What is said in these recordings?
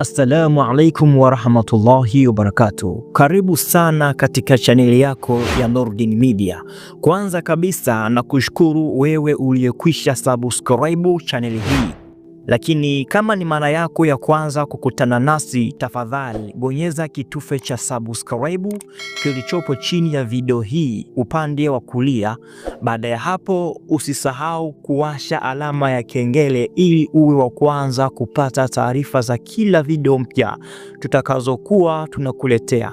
Assalamu alaikum warahmatullahi wabarakatuh. Karibu sana katika chaneli yako ya Nurdin Media. Kwanza kabisa na kushukuru wewe uliyekwisha subscribe chaneli hii lakini kama ni mara yako ya kwanza kukutana nasi, tafadhali bonyeza kitufe cha subscribe kilichopo chini ya video hii upande wa kulia. Baada ya hapo, usisahau kuwasha alama ya kengele ili uwe wa kwanza kupata taarifa za kila video mpya tutakazokuwa tunakuletea.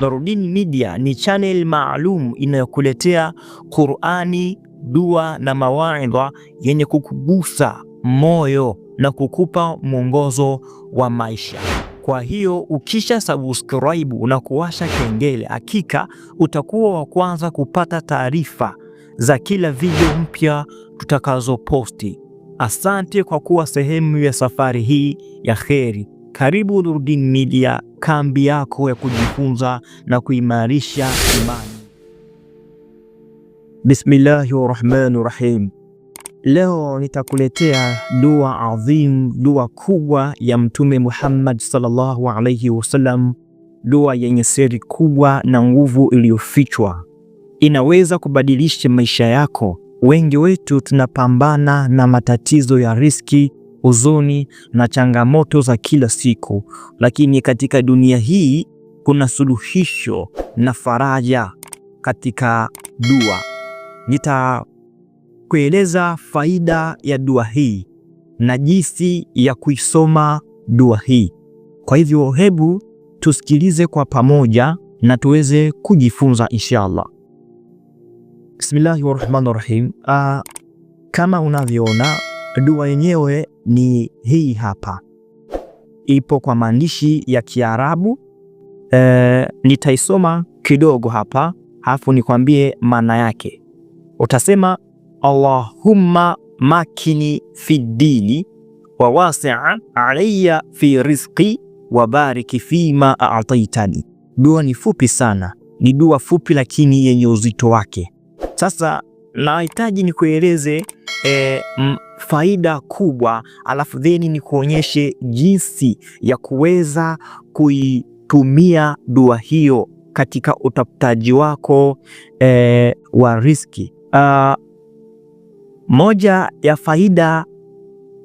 Nurdin Media ni channel maalum inayokuletea Qur'ani, dua na mawaidha yenye kukugusa moyo na kukupa mwongozo wa maisha. Kwa hiyo ukisha subscribe na kuwasha kengele, hakika utakuwa wa kwanza kupata taarifa za kila video mpya tutakazoposti. Asante kwa kuwa sehemu ya safari hii ya kheri. Karibu Nurdin Media, kambi yako ya kujifunza na kuimarisha imani. Bismillahi rahim. Leo nitakuletea dua adhim, dua kubwa ya Mtume Muhammad sallallahu alayhi wasallam, dua yenye siri kubwa na nguvu iliyofichwa, inaweza kubadilisha maisha yako. Wengi wetu tunapambana na matatizo ya riski, huzuni na changamoto za kila siku, lakini katika dunia hii kuna suluhisho na faraja katika dua nita kueleza faida ya dua hii na jinsi ya kuisoma dua hii. Kwa hivyo, hebu tusikilize kwa pamoja na tuweze kujifunza inshallah. Bismillahi rahmani rahim. Ah, kama unavyoona dua yenyewe ni hii hapa, ipo kwa maandishi ya Kiarabu. E, nitaisoma kidogo hapa, halafu nikwambie maana yake. Utasema Allahumma makini fi dini wa wasia alayya fi rizqi wa bariki ma a'taitani. Dua ni fupi sana, ni dua fupi lakini yenye uzito wake. Sasa nahitaji nikueleze e, faida kubwa, alafu theni nikuonyeshe jinsi ya kuweza kuitumia dua hiyo katika utafutaji wako e, wa riziki. Uh, moja ya faida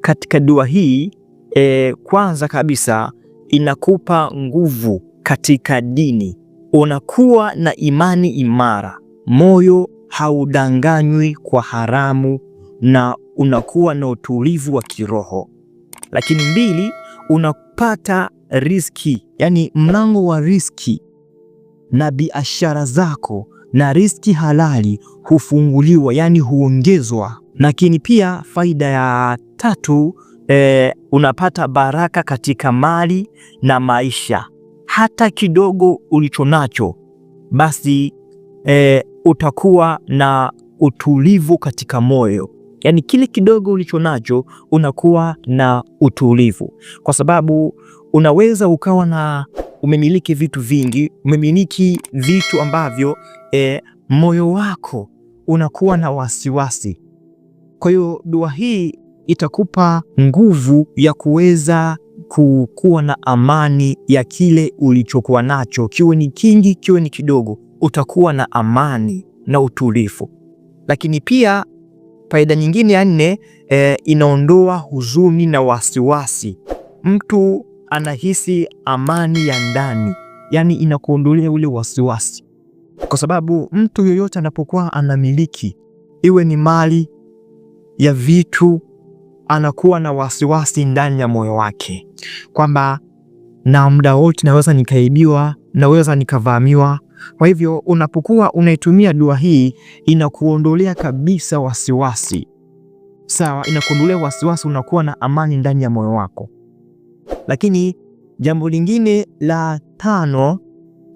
katika dua hii e, kwanza kabisa inakupa nguvu katika dini, unakuwa na imani imara, moyo haudanganywi kwa haramu na unakuwa na utulivu wa kiroho. Lakini mbili, unapata riski, yani mlango wa riski na biashara zako na riski halali hufunguliwa, yani huongezwa lakini pia faida ya tatu e, unapata baraka katika mali na maisha. Hata kidogo ulichonacho basi e, utakuwa na utulivu katika moyo. Yaani kile kidogo ulichonacho unakuwa na utulivu, kwa sababu unaweza ukawa na umemiliki vitu vingi, umemiliki vitu ambavyo e, moyo wako unakuwa na wasiwasi kwa hiyo dua hii itakupa nguvu ya kuweza kuwa na amani ya kile ulichokuwa nacho, kiwe ni kingi, kiwe ni kidogo, utakuwa na amani na utulivu. Lakini pia faida nyingine ya nne e, inaondoa huzuni na wasiwasi. Mtu anahisi amani ya ndani, yani inakuondolea ule wasiwasi, kwa sababu mtu yoyote anapokuwa anamiliki iwe ni mali ya vitu anakuwa na wasiwasi ndani ya moyo wake kwamba na muda wote naweza nikaibiwa, naweza nikavamiwa. Kwa hivyo unapokuwa unaitumia dua hii inakuondolea kabisa wasiwasi, sawa, inakuondolea wasiwasi, unakuwa na amani ndani ya moyo wako. Lakini jambo lingine la tano,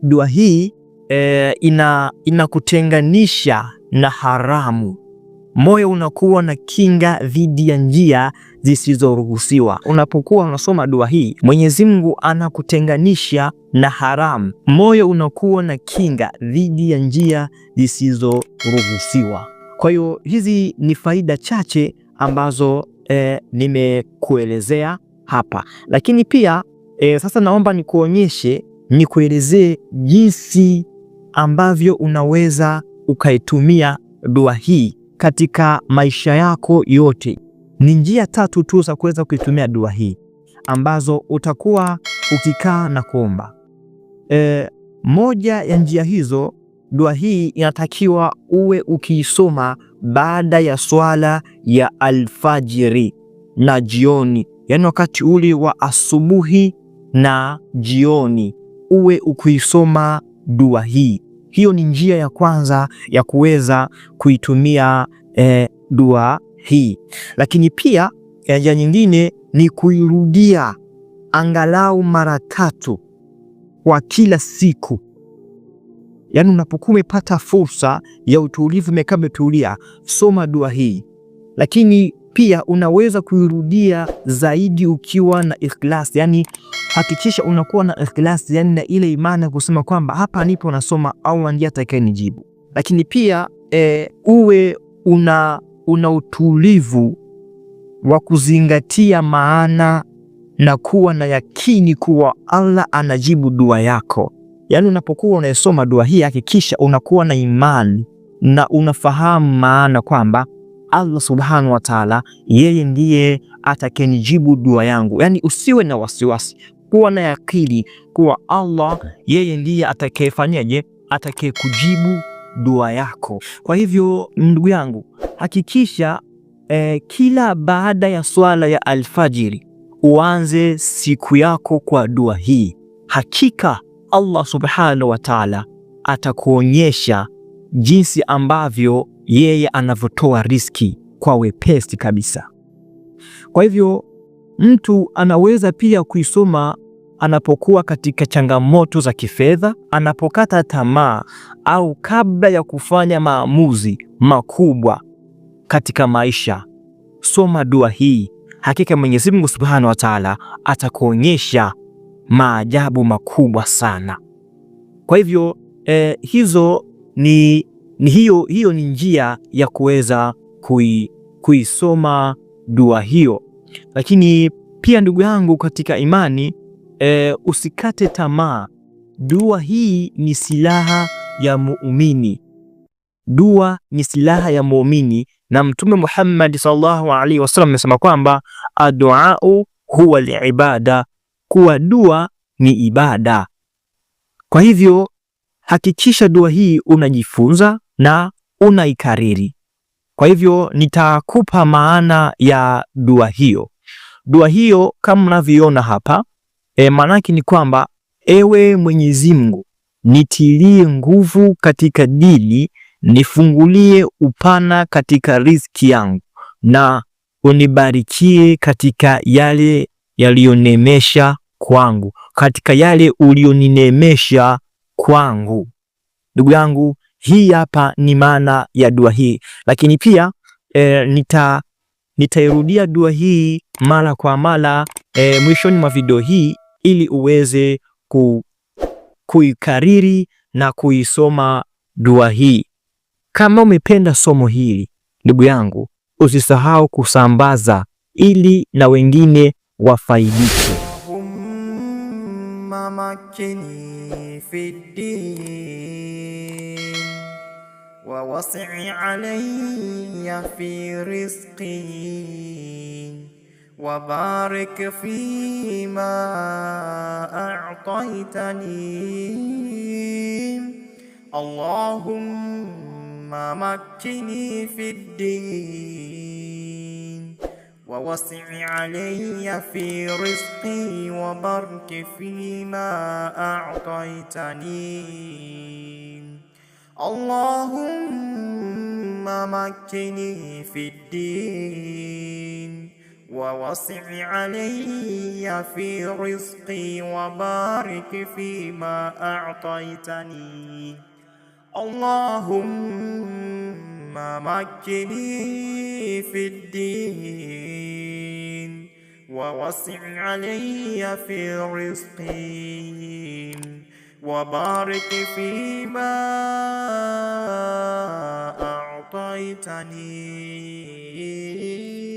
dua hii e, ina inakutenganisha na haramu moyo unakuwa na kinga dhidi ya njia zisizoruhusiwa. Unapokuwa unasoma dua hii, Mwenyezi Mungu anakutenganisha na haramu. Moyo unakuwa na kinga dhidi ya njia zisizoruhusiwa. Kwa hiyo hizi ni faida chache ambazo e, nimekuelezea hapa, lakini pia e, sasa naomba nikuonyeshe, nikuelezee jinsi ambavyo unaweza ukaitumia dua hii katika maisha yako yote. Ni njia tatu tu za kuweza kuitumia dua hii ambazo utakuwa ukikaa na kuomba. E, moja ya njia hizo, dua hii inatakiwa uwe ukiisoma baada ya swala ya alfajiri na jioni, yaani wakati ule wa asubuhi na jioni uwe ukiisoma dua hii. Hiyo ni njia ya kwanza ya kuweza kuitumia e, dua hii. Lakini pia njia nyingine ni kuirudia angalau mara tatu kwa kila siku. Yaani, unapokuwa umepata fursa ya utulivu, umekaa umetulia, soma dua hii, lakini pia unaweza kuirudia zaidi ukiwa na ikhlas, yani hakikisha unakuwa na ikhlas, yani na ile imani ya kusema kwamba hapa nipo nasoma au ndiye nijibu. Lakini pia e, uwe una, una utulivu wa kuzingatia maana na kuwa na yakini kuwa Allah anajibu dua yako. Yaani unapokuwa unayesoma dua hii hakikisha unakuwa na imani na unafahamu maana kwamba Allah subhanahu wa taala, yeye ndiye atakenijibu dua yangu. yaani usiwe na wasiwasi, kuwa na yakini kuwa Allah yeye ndiye atakayefanyaje, atakayekujibu dua yako. Kwa hivyo ndugu yangu, hakikisha eh, kila baada ya swala ya alfajiri uanze siku yako kwa dua hii. Hakika Allah subhanahu wa taala atakuonyesha jinsi ambavyo yeye anavyotoa riski kwa wepesi kabisa. Kwa hivyo mtu anaweza pia kuisoma anapokuwa katika changamoto za kifedha, anapokata tamaa, au kabla ya kufanya maamuzi makubwa katika maisha. Soma dua hii, hakika Mwenyezi Mungu Subhanahu wa Ta'ala atakuonyesha maajabu makubwa sana. Kwa hivyo eh, hizo ni ni hiyo hiyo ni njia ya kuweza kui, kuisoma dua hiyo. Lakini pia ndugu yangu katika imani e, usikate tamaa. Dua hii ni silaha ya muumini, dua ni silaha ya muumini, na Mtume Muhammad sallallahu alaihi wasallam amesema kwamba aduau huwa liibada, kuwa dua ni ibada. Kwa hivyo hakikisha dua hii unajifunza na unaikariri. Kwa hivyo nitakupa maana ya dua hiyo. Dua hiyo kama mnavyoiona hapa e, maana ni kwamba ewe Mwenyezi Mungu, nitilie nguvu katika dini, nifungulie upana katika riziki yangu, na unibarikie katika yale yaliyonemesha kwangu, katika yale ulioninemesha kwangu. Ndugu yangu, hii hapa ni maana ya dua hii, lakini pia e, nita nitairudia dua hii mara kwa mara e, mwishoni mwa video hii ili uweze ku, kuikariri na kuisoma dua hii. Kama umependa somo hili ndugu yangu, usisahau kusambaza ili na wengine wafaidike. اللهم مكني في الدين ووسع علي في رزقي وبارك فيما أعطيتني اللهم مكني في الدين ووسع علي في رزقي وبارك فيما أعطيتني اللهم مكني في الدين ووسع علي في رزقي وبارك فيما أعطيتني اللهم اللهم مكني في الدين ووسع علي في الرزق وبارك فيما أعطيتني